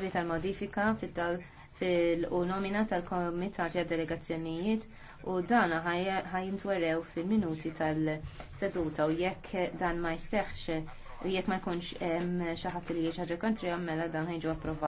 tal-modifika fil-nomina tal-komitati għad-delegazzjonijiet u dana ħajintwerew fil-minuti tal-seduta u jekk dan ma jseħx u jekk ma jkunx xi ħadd li jiex kontri mela dan ħajġu approvat.